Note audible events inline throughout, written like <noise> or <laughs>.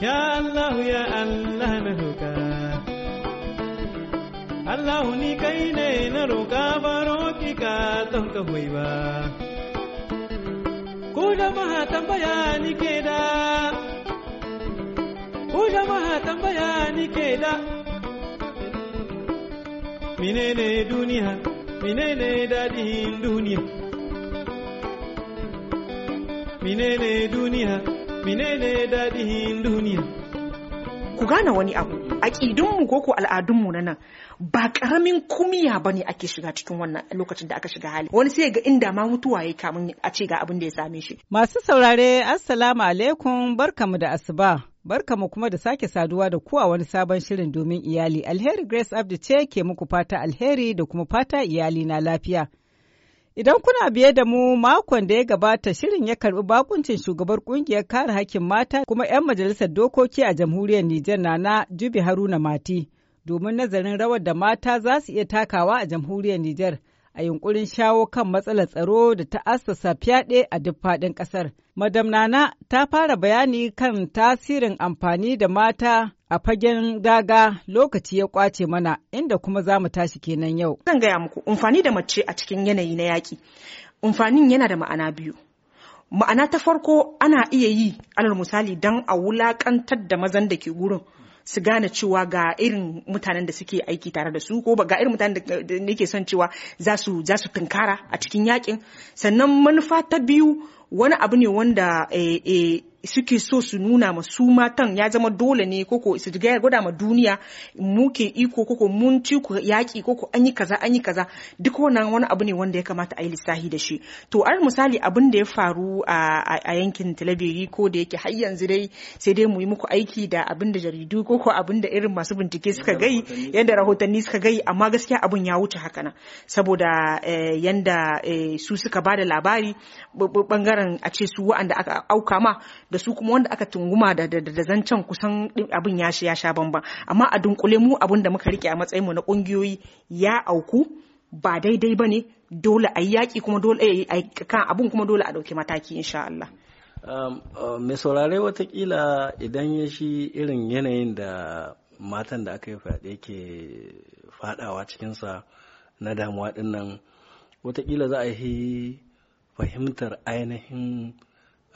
Ya Allah ya Allah na roƙa Allah ni kai ne na roƙa baro ki ka don ka hoyi ba Ku jama'a tambaya ni ke da Ku jama'a tambaya ni ke da Menene duniya Minene dadin duniya Minene duniya menene daɗin duniya ku gane wani abu aƙidunmu ko ko al'adunmu na nan ba ƙaramin kumiya ba ne ake shiga cikin wannan lokacin da aka shiga hali wani sai ga inda ma mutuwa ya kamun a ce ga abin da ya same shi masu saurare assalamu alaikum barkamu da asuba barkamu kuma da sake saduwa da kuwa wani sabon shirin domin iyali alheri grace abdi ce ke muku fata alheri da kuma fata iyali na lafiya Idan kuna biye da mu makon da ya gabata shirin ya karbi bakuncin shugabar kungiyar kare hakkin mata kuma 'yan majalisar dokoki a jamhuriyar Nijar na na Jubi Haruna Mati domin nazarin rawar da mata za su iya takawa a jamhuriyar Nijar. a yunkurin shawo kan matsalar tsaro da ta assasa fyaɗe a duk faɗin ƙasar. Madam Nana ta fara bayani kan tasirin amfani da mata a fagen daga lokaci ya kwace mana inda kuma za mu tashi kenan yau. Zan gaya muku amfani da mace a cikin yanayi na yaƙi. Amfanin yana da ma'ana biyu. Ma'ana ta farko ana iya yi alal misali don a wulaƙantar da mazan da ke gurin su gane cewa ga irin mutanen da suke aiki tare da su ko ga irin mutanen da nake son cewa za su tunkara a cikin yakin sannan manufa ta biyu wani abu ne wanda eh, eh, suke so su nuna ma su matan ya zama dole ne koko su gwada ma duniya muke iko koko mun ci ku yaƙi koko an yi kaza an yi kaza duk wannan wani abu ne wanda ya kamata a yi lissahi da shi to ar misali abin da ya faru a yankin talabiri ko da yake har yanzu dai sai dai mu yi muku aiki da abin da jaridu koko abin da irin masu bincike suka gai yadda rahotanni suka gai amma gaskiya abin ya wuce haka nan saboda eh, yanda su suka ba da labari bangaren bangaren a ce su wa'anda aka auka ma da su kuma wanda aka tunguma da da zancen kusan abin ya ya sha bamban amma a dunkule mu abin da muka rike a matsayin mu na kungiyoyi ya auku ba daidai bane dole a yaki eh, kuma dole a kan abin kuma dole a dauki mataki insha Allah um, uh, mai saurare watakila idan ya shi irin yanayin da matan da aka yi fyaɗe ke fadawa cikinsa na damuwa ɗin nan watakila za a yi fahimtar ainihin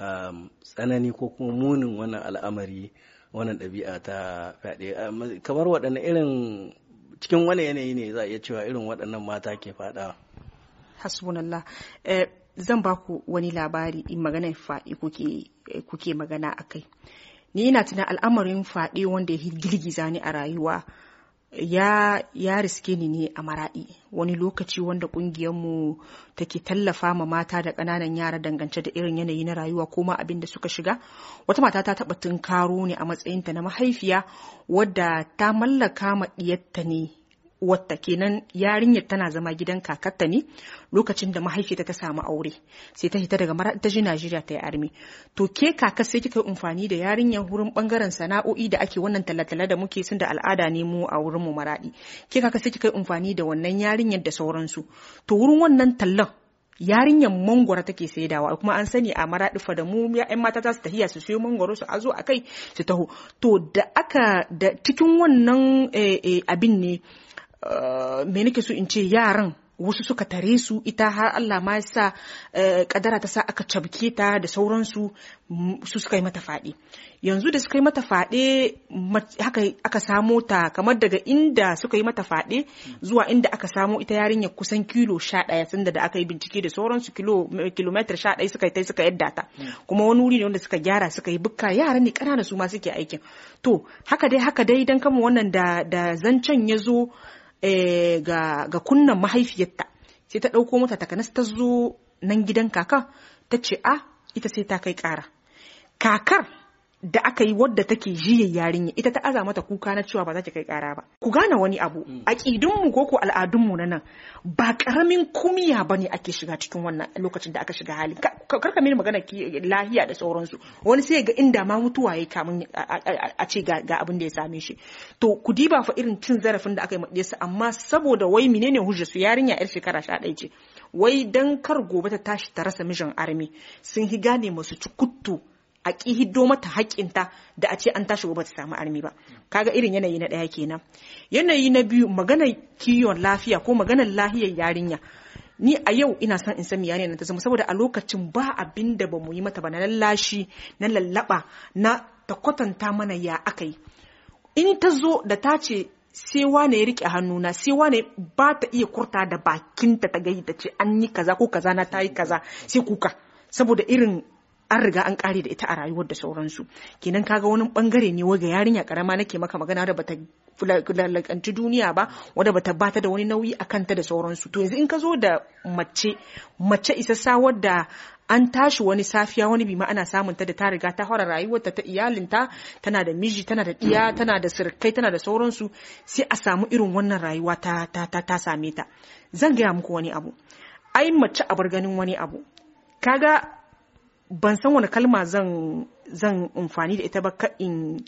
um, tsanani ko kuma munin wannan al'amari wannan ɗabi'a ta fyaɗe um, kamar waɗanne irin cikin wani yanayi ne za a iya cewa irin waɗannan mata ke faɗa hasbunallah eh, zan ba ku wani labari in magana faɗi kuke magana akai ni ina tunan al'amarin faɗi wanda ya girgiza ni a rayuwa ya riske ni ne a maraɗi wani lokaci wanda ƙungiyarmu take tallafa ma mata da ƙananan yara dangance da irin yanayi na rayuwa ko ma abin da suka shiga wata mata ta taɓa tunkaro ne a matsayinta na mahaifiya wadda ta mallaka ma ɗiyarta ne uwarta kenan yarinyar tana zama gidan kakarta ne lokacin da mahaifiyarta ta samu aure sai ta hita daga mara ta ji Najeriya ta yi armi to ke kaka sai kika yi amfani da yarinyar wurin bangaren sana'o'i da ake wannan talatala da muke sun da al'ada ne mu a wurin mu maradi ke kaka sai kika yi amfani da wannan yarinyar da sauransu to wurin wannan tallan yarinyar mangwara take saidawa kuma an sani a maraɗi da mu ya'yan mata za su tahiya su siyo mangwaro su azo a kai su taho to da aka da cikin wannan eh, eh, abin ne Eh, me nake so in ce yaran wasu suka tare su ita har Allah ma sa eh, kadara ta sa aka cabke ta da sauransu mm, su suka yi mata fade yanzu da suka yi mata fade haka aka samo ta kamar daga inda suka yi mata faɗe zuwa inda aka samo ita yarinyar kusan kilo 11 sanda da aka yi bincike da sauransu eh, kilometer shaɗaya suka yi suka yadda ta kuma wani wuri ne wanda suka gyara suka yi bukka yaran ne kanana su ma suke aikin to haka dai haka dai dan kama wannan da zancen ya zo Eh, ga kunnan mahaifiyarta sai ta ɗauko mata takanas ta zo nan gidan kaka ta ce a ah, ita sai ta kai ƙara kakar da aka yi wadda take jiyar yarinya ita ta aza mata kuka na cewa ba za ki kai kara ba ku gane wani abu A mm. aƙidunmu ko ko al'adunmu na nan ba karamin kumiya ba ne ake shiga cikin wannan lokacin da aka shiga hali karka mini magana ki lahiya da sauransu wani sai ga inda ma mutuwa ya kamun a ce ga abin da ya same shi to ku diba fa irin cin zarafin da aka yi su amma saboda wai menene hujjar su yarinya yar shekara sha ce wai dan kar gobe ta tashi ta rasa mijin armi sun hi gane masu cukuttu a ƙi hiddo mata haƙƙinta da a ce an tashi gobe ta samu armi ba kaga irin yanayi na ɗaya kenan yanayi na biyu maganar kiwon lafiya ko maganar lahiyar yarinya ni a yau ina son in san yarinya na ta zama saboda a lokacin ba abin da ba mu yi mata ba na lallashi na lallaba na ta kwatanta mana ya aka yi in ta zo da ta ce sai wane ya rike hannuna sai wane ba ta iya kurta da bakinta ta gai ce an yi kaza ko kaza na ta yi kaza sai kuka saboda irin an riga an kare da ita a rayuwar da sauransu kenan kaga wani bangare ne waga yarinya karama nake maka magana da bata lalakanci duniya ba wadda bata bata da wani nauyi a kanta da sauransu to yanzu in ka zo da mace mace isa isassa wadda an tashi wani safiya wani bima ana samun ta da ta riga ta fara rayuwarta ta iyalinta tana da miji tana da iya tana da sirkai tana da sauransu sai a samu irin wannan rayuwa ta ta ta, ta same ta zan gaya muku wani abu ai mace a bar ganin wani abu kaga ban san wani kalma zan zan amfani da ita ba ka in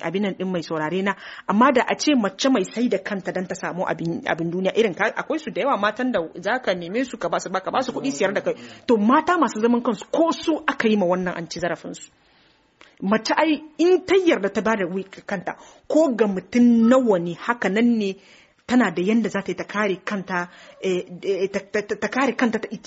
abinan nan din mai saurare na amma da a ce mace mai sai da kanta dan ta samu abin abin duniya irin ka akwai su da yawa matan da zaka neme su ka ba baka ba kuɗi siyar da kai to mata masu zaman kansu ko su aka yi ma wannan an ci zarafin su mace ai in ta yarda ta bada kanta ko ga mutum nawa ne haka nan ne tana da yadda za ta yi ta kare kanta eh, eh, ta kare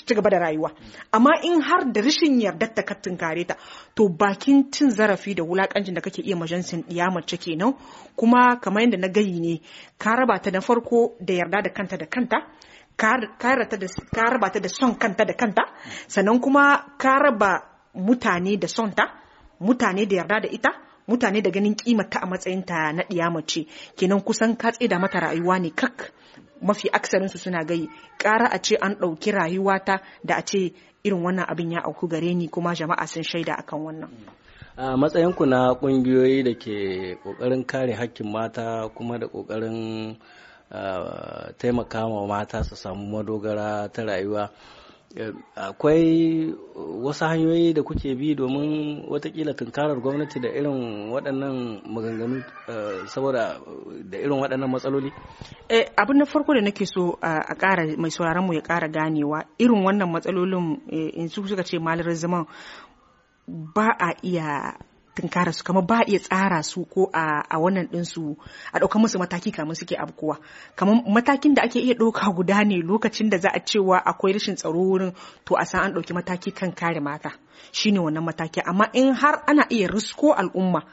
ci gaba da rayuwa amma in har da rashin yardar ta kattin kare ta to bakin cin zarafi da wulakancin da kake iya majansin mace kenan kuma kamar yadda na gayi ne ka raba ta na farko da yarda da kanta da kanta ka raba ta da son kanta da kanta sannan kuma ka raba mutane da sonta mutane da yarda da ita mutane da ganin kimar ta a matsayin ta na ɗiya mace kenan kusan ka da mata rayuwa ne kak mafi aksarin su suna gai ƙara a ce an ɗauki rayuwata da a ce irin wannan abin ya auku gare ni kuma jama'a sun shaida akan wannan a matsayinku na ƙungiyoyi da ke ƙoƙarin kare hakkin mata kuma da ƙoƙarin ah, taimaka wa mata su samu madogara ta rayuwa akwai wasu hanyoyi da kuke bi domin watakila tunkarar gwamnati da irin waɗannan maganganu eh, saboda eh, da irin waɗannan matsaloli? Eh, abin na farko da nake so a ƙara mai sauraronmu mu ya ƙara ganewa irin wannan matsalolin in su suka ce malarar zaman ba a iya tunkara su kamar ba iya tsara su ko a wannan ɗinsu a ɗauka musu mataki kamar suke abkuwa kamar matakin da ake iya ɗauka <laughs> guda ne lokacin da za a cewa akwai rashin tsaro wurin to a san an ɗauki mataki kan kare mata shine wannan mataki amma in har ana iya risko al'umma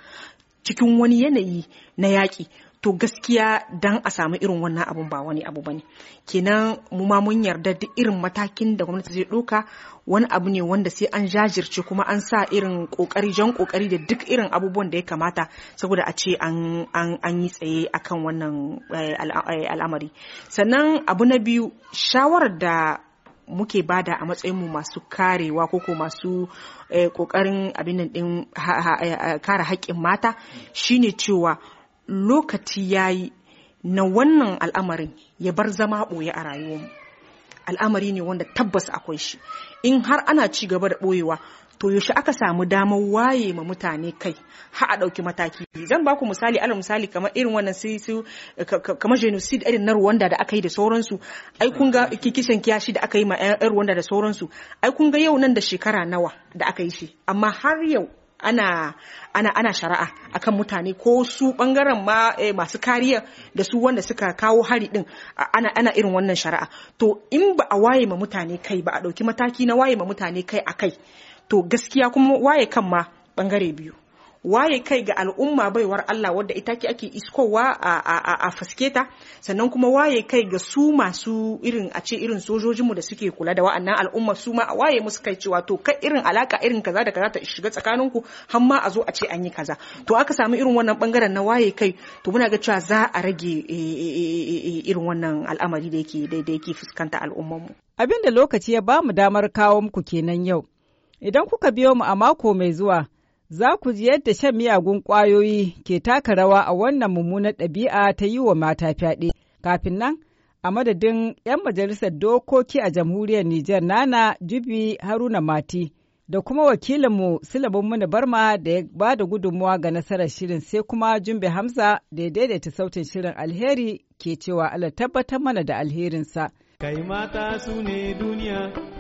cikin wani yanayi na yaƙi to gaskiya dan a samu irin wannan abun ba wani abu bane kenan mu ma mun yarda duk irin matakin da gwamnati zai doka wani abu ne wanda sai an jajirce kuma an sa irin kokari jan kokari da duk irin abubuwan da ya kamata saboda a ce an an yi tsaye akan wannan eh, eh, al'amari sannan abu na biyu shawarar da muke bada a matsayin mu masu karewa ko ko masu kokarin eh, abin din kare haƙƙin mata shine cewa lokaci ya yi na wannan al'amarin ya bar zama ɓoye a rayuwarmu al'amari ne wanda tabbas akwai shi in har ana ci gaba da ɓoyewa to yaushe aka samu damar waye ma mutane kai ha a ɗauki mataki zan baku misali alal misali kamar irin wannan su kamar genocide irin na Rwanda da aka yi da sauransu ai kun ga kikisan kiyashi da aka yi ma ƴan Rwanda da sauransu ai kun ga yau nan da shekara nawa da aka yi shi amma har yau ana ana ana shari'a akan mutane ko su bangaren ma eh, masu kariya da su wanda suka kawo hari din ana ana irin wannan shari'a to in ba a waye ma mutane kai ba a ɗauki mataki na waye ma mutane kai a kai to gaskiya kuma waye kan ma bangare biyu waye kai ga al'umma baiwar Allah wadda ita ke ake iskowa a fasketa sannan kuma waye kai ga su masu irin a ce irin sojojinmu da suke kula da wa'annan al'umma su ma waye musu kai cewa to kai irin alaka irin kaza da kaza ta shiga tsakaninku har ma a zo a ce an yi kaza to aka samu irin wannan bangaren na waye kai to muna ga cewa za a rage e, e, e, irin wannan al'amari da yake da yake fuskanta al'ummarmu abin da lokaci ya ba mu damar kawo muku kenan yau idan kuka biyo mu a mako mai zuwa za ku ji yadda shan miyagun ƙwayoyi ke taka rawa a wannan mummunar ɗabi'a ta yi wa mata fyaɗe. Kafin nan, a madadin 'yan majalisar dokoki a jamhuriyar Nijar Nana Jubi Haruna Mati da kuma wakilinmu Silabin Muni Barma da ya ba da gudunmuwa ga nasarar shirin sai kuma Jumbe Hamza da ya daidaita sautin shirin alheri ke cewa Allah tabbatar mana da alherinsa. Kai mata su ne duniya